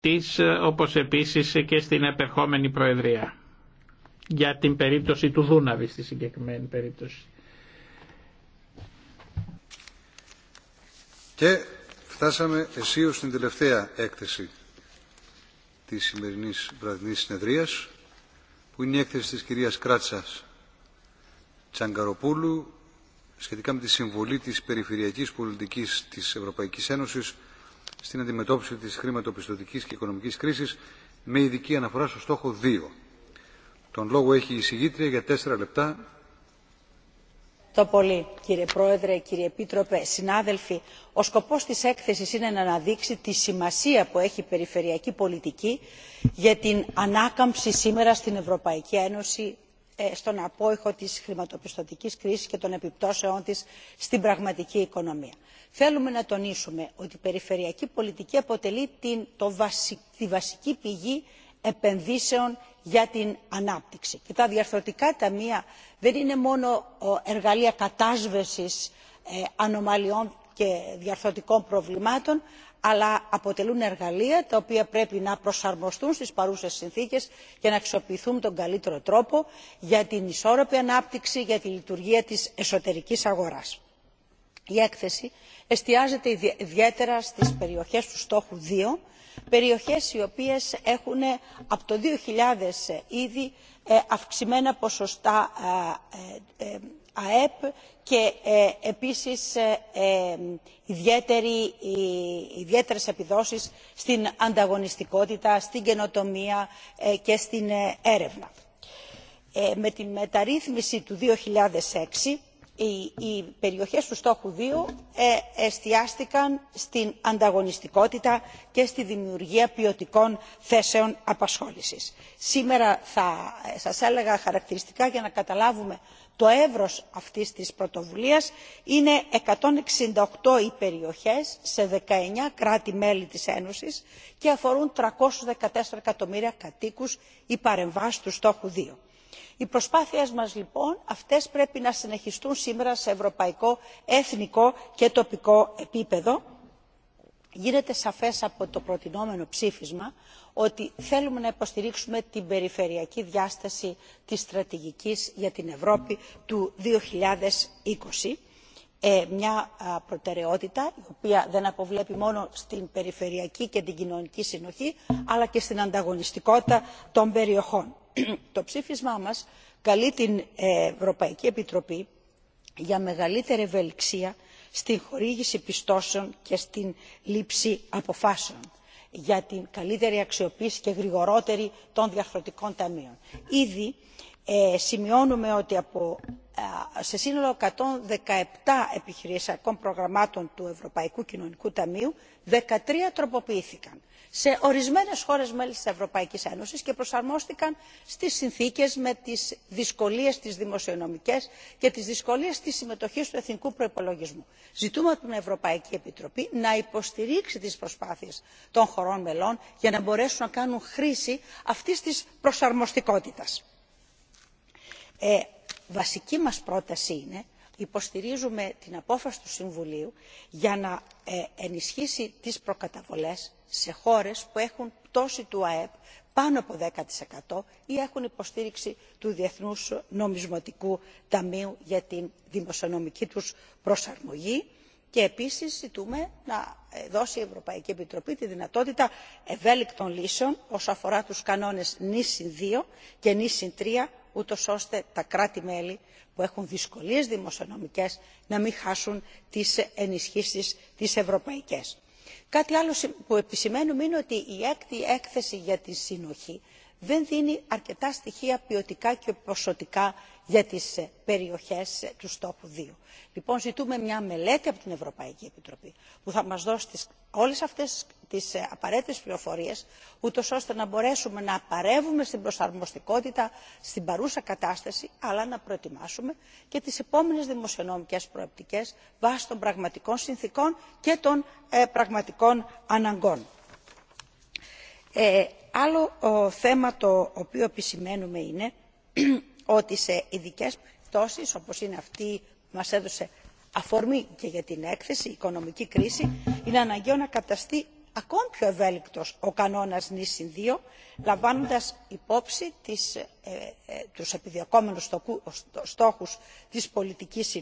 της, ε, όπως επίσης και στην επερχόμενη Προεδρία. Για την περίπτωση του Δούναβη στη συγκεκριμένη περίπτωση. Και φτάσαμε εσείως στην τελευταία έκθεση της σημερινής βραδινής συνεδρίας, που είναι η έκθεση της κυρίας Κράτσας Τσαγκαροπούλου σχετικά με τη συμβολή της περιφερειακής πολιτικής της Ευρωπαϊκής Ένωσης στην αντιμετώπιση της χρηματοπιστωτικής και οικονομικής κρίσης με ειδική αναφορά στο στόχο 2. Τον λόγο έχει η συγγήτρια για τέσσερα λεπτά. Το πολύ, κύριε Πρόεδρε, κύριε Επίτροπε, συνάδελφοι. Ο σκοπός της έκθεσης είναι να αναδείξει τη σημασία που έχει η περιφερειακή πολιτική για την ανάκαμψη σήμερα στην Ευρωπαϊκή Ένωση ε, στον απόϊχο της χρηματοπιστωτικής κρίσης και των επιπτώσεών της στην πραγματική οικονομία θέλουμε να τονίσουμε ότι η περιφερειακή πολιτική αποτελεί την, τη βασική πηγή επενδύσεων για την ανάπτυξη και τα διαρθρωτικά ταμεία δεν είναι μόνο εργαλεία κατάσβεσης ε, ανομαλιών και διαρθρωτικών προβλημάτων αλλά αποτελούν εργαλεία τα οποία πρέπει να προσαρμοστούν στις παρούσες συνθήκες και να αξιοποιηθούν τον καλύτερο τρόπο για την ισόρροπη ανάπτυξη για τη λειτουργία της εσωτερικής αγοράς. η έκθεση εστιάζεται ιδιαίτερα στις περιοχές του στόχου 2, περιοχές οι οποίες έχουν ε, από το 2000 ε, ήδη ε, αυξημένα ποσοστά αεπ και επίσης ιδιαίτερες επιδόσεις στην ανταγωνιστικότητα στην καινοτομία και στην έρευνα. με τη μεταρρύθμιση του 2006 οι περιοχές του στόχου 2 ε, εστιάστηκαν στην ανταγωνιστικότητα και στη δημιουργία ποιοτικών θέσεων απασχόλησης. Σήμερα θα ε, σας έλεγα χαρακτηριστικά για να καταλάβουμε το εύρος αυτής της πρωτοβουλίας είναι 168 οι περιοχές σε 19 κράτη-μέλη της Ένωσης και αφορούν 314 εκατομμύρια κατοίκους οι παρεμβάσεις του στόχου 2 οι προσπάθειε μα λοιπόν αυτές πρέπει να συνεχιστούν σήμερα σε ευρωπαϊκό εθνικό και τοπικό επίπεδο. γίνεται σαφέ από το προτινόμενο ψήφισμα ότι θέλουμε να υποστηρίξουμε την περιφερειακή διάσταση της στρατηγική για την ευρώπη του 2020 ε, μια προτεραιότητα η οποία δεν αποβλέπει μόνο στην περιφερειακή και την κοινωνική συνοχή αλλά και στην ανταγωνιστικότητα των περιοχών το ψήφισμά μας καλεί την ε, ευρωπαϊκή επιτροπή για μεγαλύτερη ευελιξία στην χορήγηση πιστώσεων και στην λήψη αποφάσεων για την καλύτερη αξιοποίηση και γρηγορότερη των διαρθρωτικών ταμείων. ήδη ε, σημειώνουμε ότι σε σύνολο 117 επιχειρησιακών προγραμμάτων του Ευρωπαϊκού Κοινωνικού Ταμείου, 13 τροποποιήθηκαν σε ορισμένες χώρες μέλη της Ευρωπαϊκής Ένωσης και προσαρμόστηκαν στις συνθήκες με τις δυσκολίες τις δημοσιονομικές και τις δυσκολίες της συμμετοχής του εθνικού προϋπολογισμού. Ζητούμε από την Ευρωπαϊκή Επιτροπή να υποστηρίξει τις προσπάθειες των χωρών μελών για να μπορέσουν να κάνουν χρήση αυτής της προσαρμοστικότητας. Η ε, βασική μας πρόταση είναι υποστηρίζουμε την απόφαση του Συμβουλίου για να ε, ενισχύσει τις προκαταβολές σε χώρες που έχουν πτώση του ΑΕΠ πάνω από 10% ή έχουν υποστήριξη του Διεθνούς Νομισματικού Ταμείου για την δημοσιονομική τους προσαρμογή και επίσης ζητούμε να ε, δώσει η Ευρωπαϊκή Επιτροπή τη δυνατότητα ευέλικτων λύσεων όσο αφορά τους κανόνες νη συν 2 και νη συν ούτως ώστε τα κράτη μέλη που έχουν δυσκολίες δημοσιονομικές να μην χάσουν τις ενισχύσεις τις ευρωπαϊκές. Κάτι άλλο που επισημαίνουμε είναι ότι η έκτη έκθεση για τη συνοχή δεν δίνει αρκετά στοιχεία ποιοτικά και ποσοτικά για τις ε, περιοχές ε, του στόχου 2. Λοιπόν, ζητούμε μια μελέτη από την Ευρωπαϊκή Επιτροπή που θα μας δώσει όλες αυτές τις ε, απαραίτητες πληροφορίες ούτως ώστε να μπορέσουμε να παρεύουμε στην προσαρμοστικότητα στην παρούσα κατάσταση αλλά να προετοιμάσουμε και τις επόμενες δημοσιονομικές προεπτικές βάσει των πραγματικών συνθήκων και των πραγματικών αναγκών. Ε, άλλο θέμα το οποίο επισημαίνουμε είναι ότι σε ειδικέ πτώσεις όπω είναι αυτή που μας έδωσε αφορμή και για την έκθεση η οικονομική κρίση είναι αναγκαίο να καταστεί ακόμη πιο ευέλικτο ο κανόνας συν 2 λαμβάνοντα υπόψη του στόχου ε, ε, τους πολιτική στόχους της πολιτικής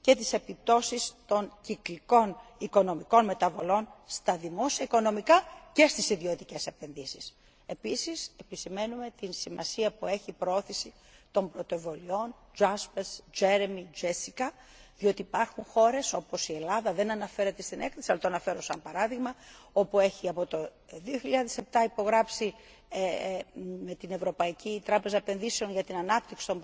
και τι επιπτώσει των κυκλικών οικονομικών μεταβολών στα δημόσια οικονομικά και στι ιδιωτικέ επενδύσει. Επίση, επισημαίνουμε την σημασία που έχει η προώθηση των πρωτοβολιών Jaspers, Jeremy, Jessica, διότι υπάρχουν χώρες όπως η Ελλάδα, δεν αναφέρεται στην έκθεση, αλλά το αναφέρω σαν παράδειγμα, όπου έχει από το 2007 υπογράψει ε, ε, με την Ευρωπαϊκή Τράπεζα Επενδύσεων για την Ανάπτυξη των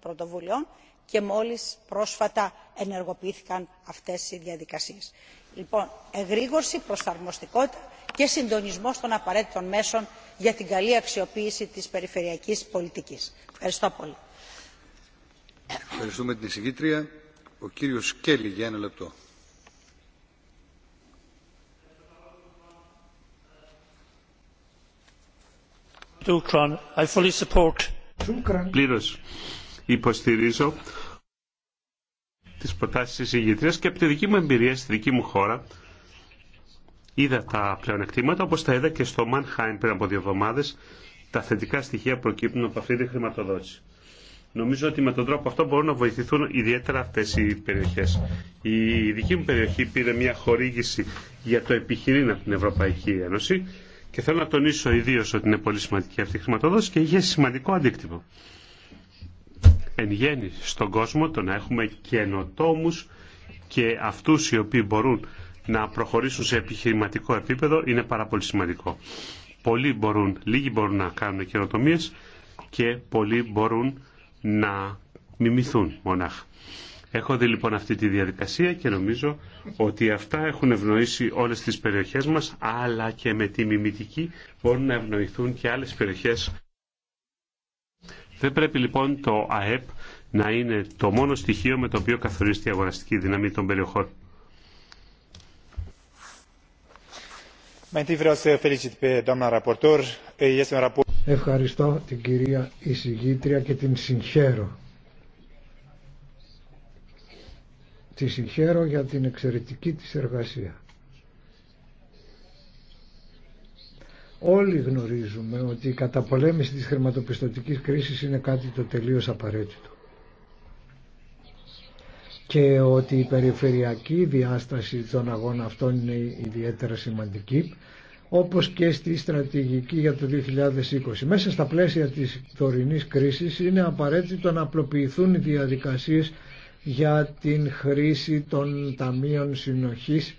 Πρωτοβουλειών και μόλις πρόσφατα ενεργοποιήθηκαν αυτές οι διαδικασίες. λοιπόν εγρήγορση προσαρμοστικότητα και συντονισμός των απαραίτητων μέσων για την καλή αξιοποίηση της περιφερειακής πολιτικής. ευχαριστώ πολύ. Ευχαριστούμε την εισηγήτρια. Ο κύριος Κέλλη για ένα λεπτό υποστηρίζω τις προτάσεις της ηγητρίας και από τη δική μου εμπειρία στη δική μου χώρα είδα τα πλεονεκτήματα όπως τα είδα και στο Μανχάιν πριν από δύο εβδομάδες τα θετικά στοιχεία προκύπτουν από αυτή τη χρηματοδότηση. Νομίζω ότι με τον τρόπο αυτό μπορούν να βοηθηθούν ιδιαίτερα αυτέ οι περιοχέ. Η δική μου περιοχή πήρε μια χορήγηση για το επιχειρήν από την Ευρωπαϊκή Ένωση και θέλω να τονίσω ιδίω ότι είναι πολύ σημαντική αυτή η χρηματοδότηση και είχε σημαντικό αντίκτυπο εν γέννη στον κόσμο το να έχουμε καινοτόμους και αυτούς οι οποίοι μπορούν να προχωρήσουν σε επιχειρηματικό επίπεδο είναι πάρα πολύ σημαντικό. Πολλοί μπορούν, λίγοι μπορούν να κάνουν καινοτομίε και πολλοί μπορούν να μιμηθούν μονάχα. Έχω δει λοιπόν αυτή τη διαδικασία και νομίζω ότι αυτά έχουν ευνοήσει όλες τις περιοχές μας, αλλά και με τη μιμητική μπορούν να ευνοηθούν και άλλες περιοχές δεν πρέπει λοιπόν το ΑΕΠ να είναι το μόνο στοιχείο με το οποίο καθορίζεται η αγοραστική δύναμη των περιοχών. Ευχαριστώ την κυρία εισηγήτρια και την συγχαίρω. Τη συγχαίρω για την εξαιρετική της εργασία. Όλοι γνωρίζουμε ότι η καταπολέμηση της χρηματοπιστωτικής κρίσης είναι κάτι το τελείως απαραίτητο και ότι η περιφερειακή διάσταση των αγών αυτών είναι ιδιαίτερα σημαντική όπως και στη στρατηγική για το 2020. Μέσα στα πλαίσια της τωρινής κρίσης είναι απαραίτητο να απλοποιηθούν οι διαδικασίες για την χρήση των ταμείων συνοχής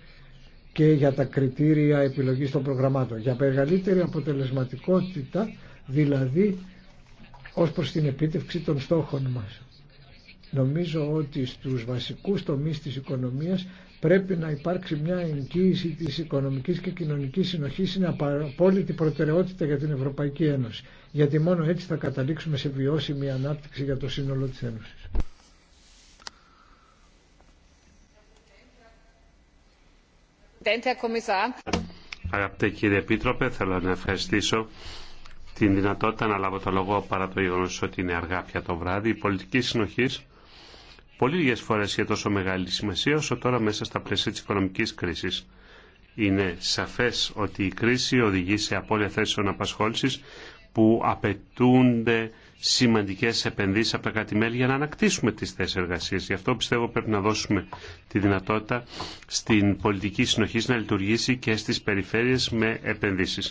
και για τα κριτήρια επιλογής των προγραμμάτων. Για μεγαλύτερη αποτελεσματικότητα, δηλαδή ως προς την επίτευξη των στόχων μας. Νομίζω ότι στους βασικούς τομείς της οικονομίας πρέπει να υπάρξει μια εγγύηση της οικονομικής και κοινωνικής συνοχής είναι απόλυτη προτεραιότητα για την Ευρωπαϊκή Ένωση. Γιατί μόνο έτσι θα καταλήξουμε σε βιώσιμη ανάπτυξη για το σύνολο της Ένωσης. Αγαπητέ κύριε Επίτροπε, θέλω να ευχαριστήσω την δυνατότητα να λάβω το λόγο παρά το γεγονό ότι είναι αργά πια το βράδυ. Η πολιτική συνοχή πολύ λίγε φορέ είχε τόσο μεγάλη σημασία όσο τώρα μέσα στα πλαίσια τη οικονομική κρίση. Είναι σαφέ ότι η κρίση οδηγεί σε απώλεια θέσεων απασχόληση που απαιτούνται Σημαντικέ επενδύσει από τα κράτη-μέλη για να ανακτήσουμε τι θέσει εργασία. Γι' αυτό πιστεύω πρέπει να δώσουμε τη δυνατότητα στην πολιτική συνοχή να λειτουργήσει και στι περιφέρειε με επενδύσει.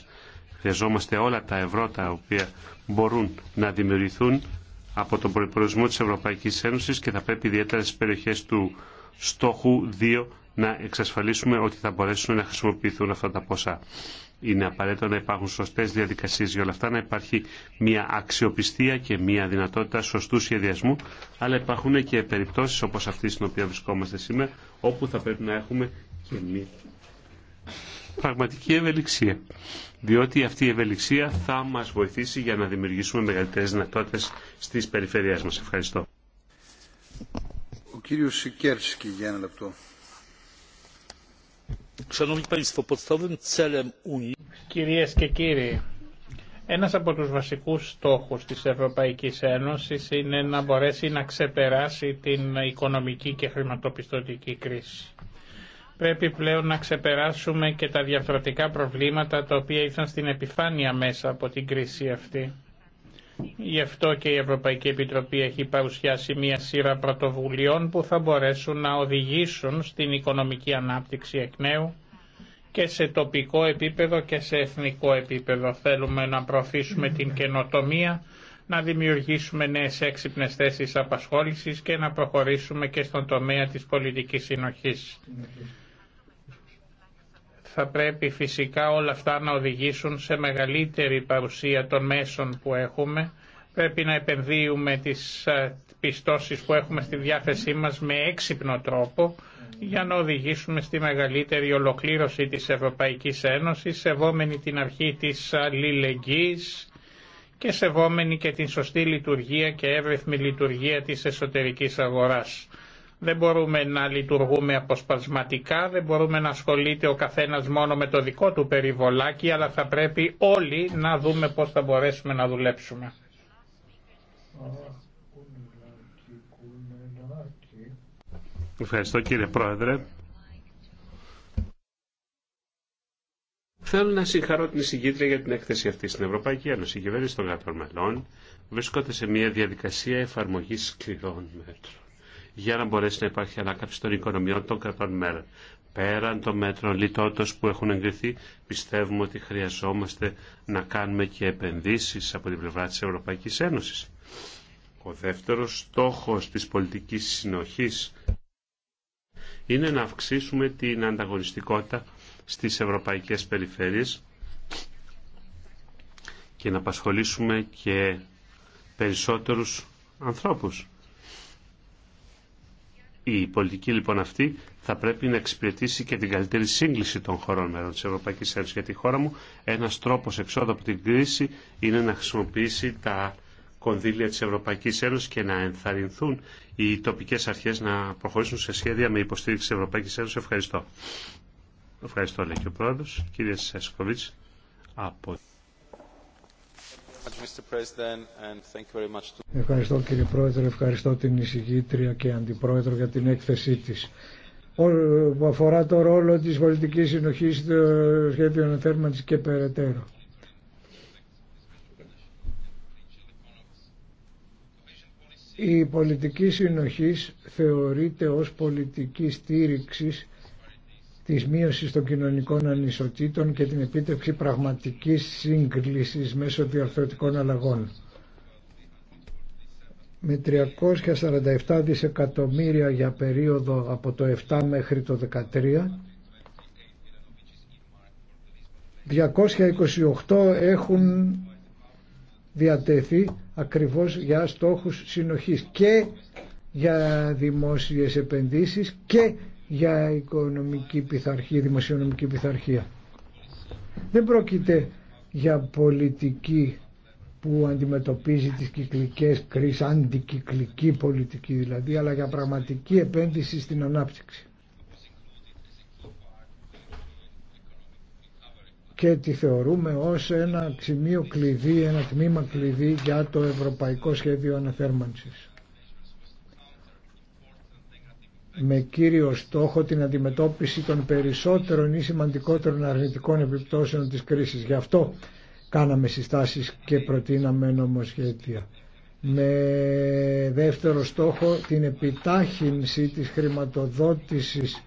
Χρειαζόμαστε όλα τα ευρώ τα οποία μπορούν να δημιουργηθούν από τον προπολογισμό της Ευρωπαϊκής Ένωσης και θα πρέπει ιδιαίτερα στις περιοχές του στόχου 2 να εξασφαλίσουμε ότι θα μπορέσουν να χρησιμοποιηθούν αυτά τα ποσά. Είναι απαραίτητο να υπάρχουν σωστέ διαδικασίε για όλα αυτά, να υπάρχει μια αξιοπιστία και μια δυνατότητα σωστού σχεδιασμού, αλλά υπάρχουν και περιπτώσει όπω αυτή στην οποία βρισκόμαστε σήμερα, όπου θα πρέπει να έχουμε και μια πραγματική ευελιξία. Διότι αυτή η ευελιξία θα μα βοηθήσει για να δημιουργήσουμε μεγαλύτερε δυνατότητε στι περιφερειέ μα. Ευχαριστώ. Ο κύριος Σικέρσκι για ένα λεπτό. Κυρίες και κύριοι, ένας από τους βασικούς στόχους της Ευρωπαϊκής Ένωσης είναι να μπορέσει να ξεπεράσει την οικονομική και χρηματοπιστωτική κρίση. Πρέπει πλέον να ξεπεράσουμε και τα διαφορετικά προβλήματα τα οποία ήρθαν στην επιφάνεια μέσα από την κρίση αυτή. Γι' αυτό και η Ευρωπαϊκή Επιτροπή έχει παρουσιάσει μια σειρά πρωτοβουλειών που θα μπορέσουν να οδηγήσουν στην οικονομική ανάπτυξη εκ νέου και σε τοπικό επίπεδο και σε εθνικό επίπεδο. Θέλουμε να προωθήσουμε την καινοτομία, να δημιουργήσουμε νέες έξυπνες θέσεις απασχόλησης και να προχωρήσουμε και στον τομέα της πολιτική συνοχής θα πρέπει φυσικά όλα αυτά να οδηγήσουν σε μεγαλύτερη παρουσία των μέσων που έχουμε. Πρέπει να επενδύουμε τις ε, πιστώσεις που έχουμε στη διάθεσή μας με έξυπνο τρόπο για να οδηγήσουμε στη μεγαλύτερη ολοκλήρωση της Ευρωπαϊκής Ένωσης, σεβόμενη την αρχή της αλληλεγγύης και σεβόμενη και την σωστή λειτουργία και εύρεθμη λειτουργία της εσωτερικής αγοράς. Δεν μπορούμε να λειτουργούμε αποσπασματικά, δεν μπορούμε να ασχολείται ο καθένας μόνο με το δικό του περιβολάκι, αλλά θα πρέπει όλοι να δούμε πώς θα μπορέσουμε να δουλέψουμε. Ευχαριστώ κύριε Πρόεδρε. Θέλω να συγχαρώ την εισηγήτρια για την έκθεση αυτή στην Ευρωπαϊκή Ένωση. Η κυβέρνηση των κρατών μελών βρίσκονται σε μια διαδικασία εφαρμογής σκληρών μέτρων για να μπορέσει να υπάρχει ανάκαμψη των οικονομιών των κρατών μέρων. Πέραν των μέτρων λιτότητας που έχουν εγκριθεί, πιστεύουμε ότι χρειαζόμαστε να κάνουμε και επενδύσεις από την πλευρά της Ευρωπαϊκής Ένωσης. Ο δεύτερος στόχος της πολιτικής συνοχής είναι να αυξήσουμε την ανταγωνιστικότητα στις ευρωπαϊκές περιφέρειες και να απασχολήσουμε και περισσότερους ανθρώπους. Η πολιτική λοιπόν αυτή θα πρέπει να εξυπηρετήσει και την καλύτερη σύγκληση των χωρών μέρων της Ευρωπαϊκής Ένωσης. για τη χώρα μου ένας τρόπος εξόδου από την κρίση είναι να χρησιμοποιήσει τα κονδύλια της Ευρωπαϊκής Ένωσης και να ενθαρρυνθούν οι τοπικές αρχές να προχωρήσουν σε σχέδια με υποστήριξη της Ευρωπαϊκής Ένωσης. Ευχαριστώ. Ευχαριστώ λέει και ο Πρόεδρος. Κύριε Σεσκοβίτς, από... Ευχαριστώ κύριε Πρόεδρε, ευχαριστώ την εισηγήτρια και αντιπρόεδρο για την έκθεσή της που αφορά το ρόλο της πολιτικής συνοχής στο σχέδιο και περαιτέρω. Η πολιτική συνοχής θεωρείται ως πολιτική στήριξης της μείωσης των κοινωνικών ανισοτήτων και την επίτευξη πραγματικής σύγκλησης μέσω διαρθρωτικών αλλαγών. Με 347 δισεκατομμύρια για περίοδο από το 7 μέχρι το 13, 228 έχουν διατεθεί ακριβώς για στόχους συνοχής και για δημόσιες επενδύσεις και για οικονομική πειθαρχία, δημοσιονομική πειθαρχία. Δεν πρόκειται για πολιτική που αντιμετωπίζει τις κυκλικές κρίσεις, αντικυκλική πολιτική δηλαδή, αλλά για πραγματική επένδυση στην ανάπτυξη. Και τη θεωρούμε ως ένα σημείο κλειδί, ένα τμήμα κλειδί για το Ευρωπαϊκό Σχέδιο Αναθέρμανσης με κύριο στόχο την αντιμετώπιση των περισσότερων ή σημαντικότερων αρνητικών επιπτώσεων της κρίσης. Γι' αυτό κάναμε συστάσεις και προτείναμε νομοσχέδια. Με δεύτερο στόχο την επιτάχυνση της χρηματοδότησης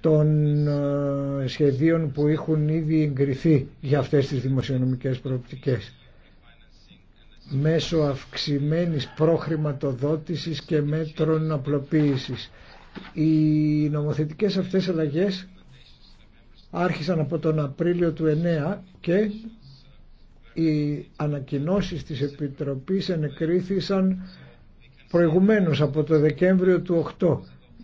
των ε, σχεδίων που έχουν ήδη εγκριθεί για αυτές τις δημοσιονομικές προοπτικές μέσω αυξημένης προχρηματοδότησης και μέτρων απλοποίησης. Οι νομοθετικές αυτές αλλαγές άρχισαν από τον Απρίλιο του 9 και οι ανακοινώσεις της Επιτροπής ενεκρίθησαν προηγουμένως από το Δεκέμβριο του 8.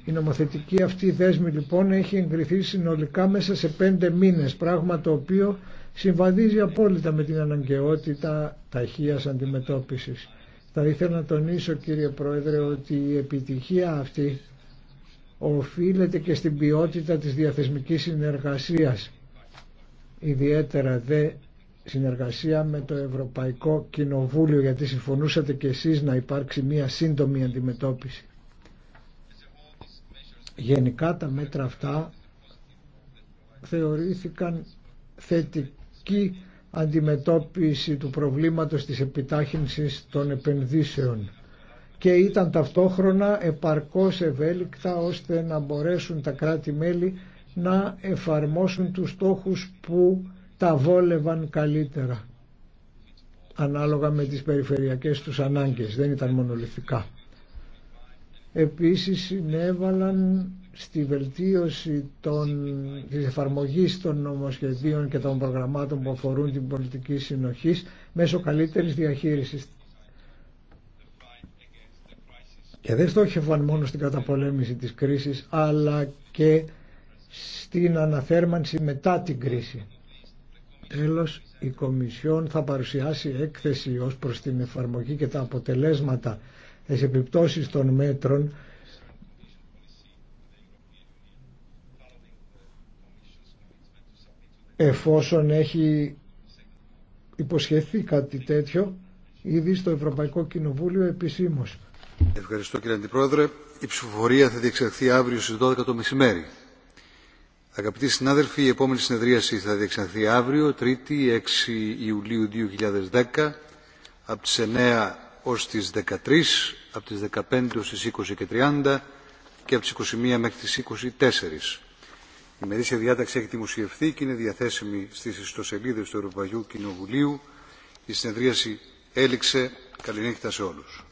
Η νομοθετική αυτή δέσμη λοιπόν έχει εγκριθεί συνολικά μέσα σε πέντε μήνες, πράγμα το οποίο συμβαδίζει απόλυτα με την αναγκαιότητα ταχείας αντιμετώπισης. Θα ήθελα να τονίσω κύριε Πρόεδρε ότι η επιτυχία αυτή οφείλεται και στην ποιότητα της διαθεσμικής συνεργασίας, ιδιαίτερα δε συνεργασία με το Ευρωπαϊκό Κοινοβούλιο, γιατί συμφωνούσατε και εσείς να υπάρξει μία σύντομη αντιμετώπιση. Γενικά τα μέτρα αυτά θεωρήθηκαν θετικά αντιμετώπιση του προβλήματος της επιτάχυνσης των επενδύσεων και ήταν ταυτόχρονα επαρκώς ευέλικτα ώστε να μπορέσουν τα κράτη-μέλη να εφαρμόσουν τους στόχους που τα βόλευαν καλύτερα ανάλογα με τις περιφερειακές τους ανάγκες, δεν ήταν μονολυθικά. Επίσης συνέβαλαν στη βελτίωση των, της εφαρμογής των νομοσχεδίων και των προγραμμάτων που αφορούν την πολιτική συνοχής μέσω καλύτερης διαχείρισης. Και δεν στόχευαν μόνο στην καταπολέμηση της κρίσης, αλλά και στην αναθέρμανση μετά την κρίση. Τέλος, η Κομισιόν θα παρουσιάσει έκθεση ως προς την εφαρμογή και τα αποτελέσματα της επιπτώσεις των μέτρων εφόσον έχει υποσχεθεί κάτι τέτοιο ήδη στο Ευρωπαϊκό Κοινοβούλιο επισήμως. Ευχαριστώ κύριε Αντιπρόεδρε. Η ψηφοφορία θα διεξαχθεί αύριο στις 12 το μεσημέρι. Αγαπητοί συνάδελφοι, η επόμενη συνεδρίαση θα διεξαχθεί αύριο, 3η 6 Ιουλίου 2010, από τις 9 ως τις 13, από τις 15 ως τις 20 και 30 και από τις 21 μέχρι τις 24. Η μερίσια διάταξη έχει δημοσιευθεί και είναι διαθέσιμη στις ιστοσελίδες του Ευρωπαϊκού Κοινοβουλίου. Η συνεδρίαση έληξε. Καληνύχτα σε όλους.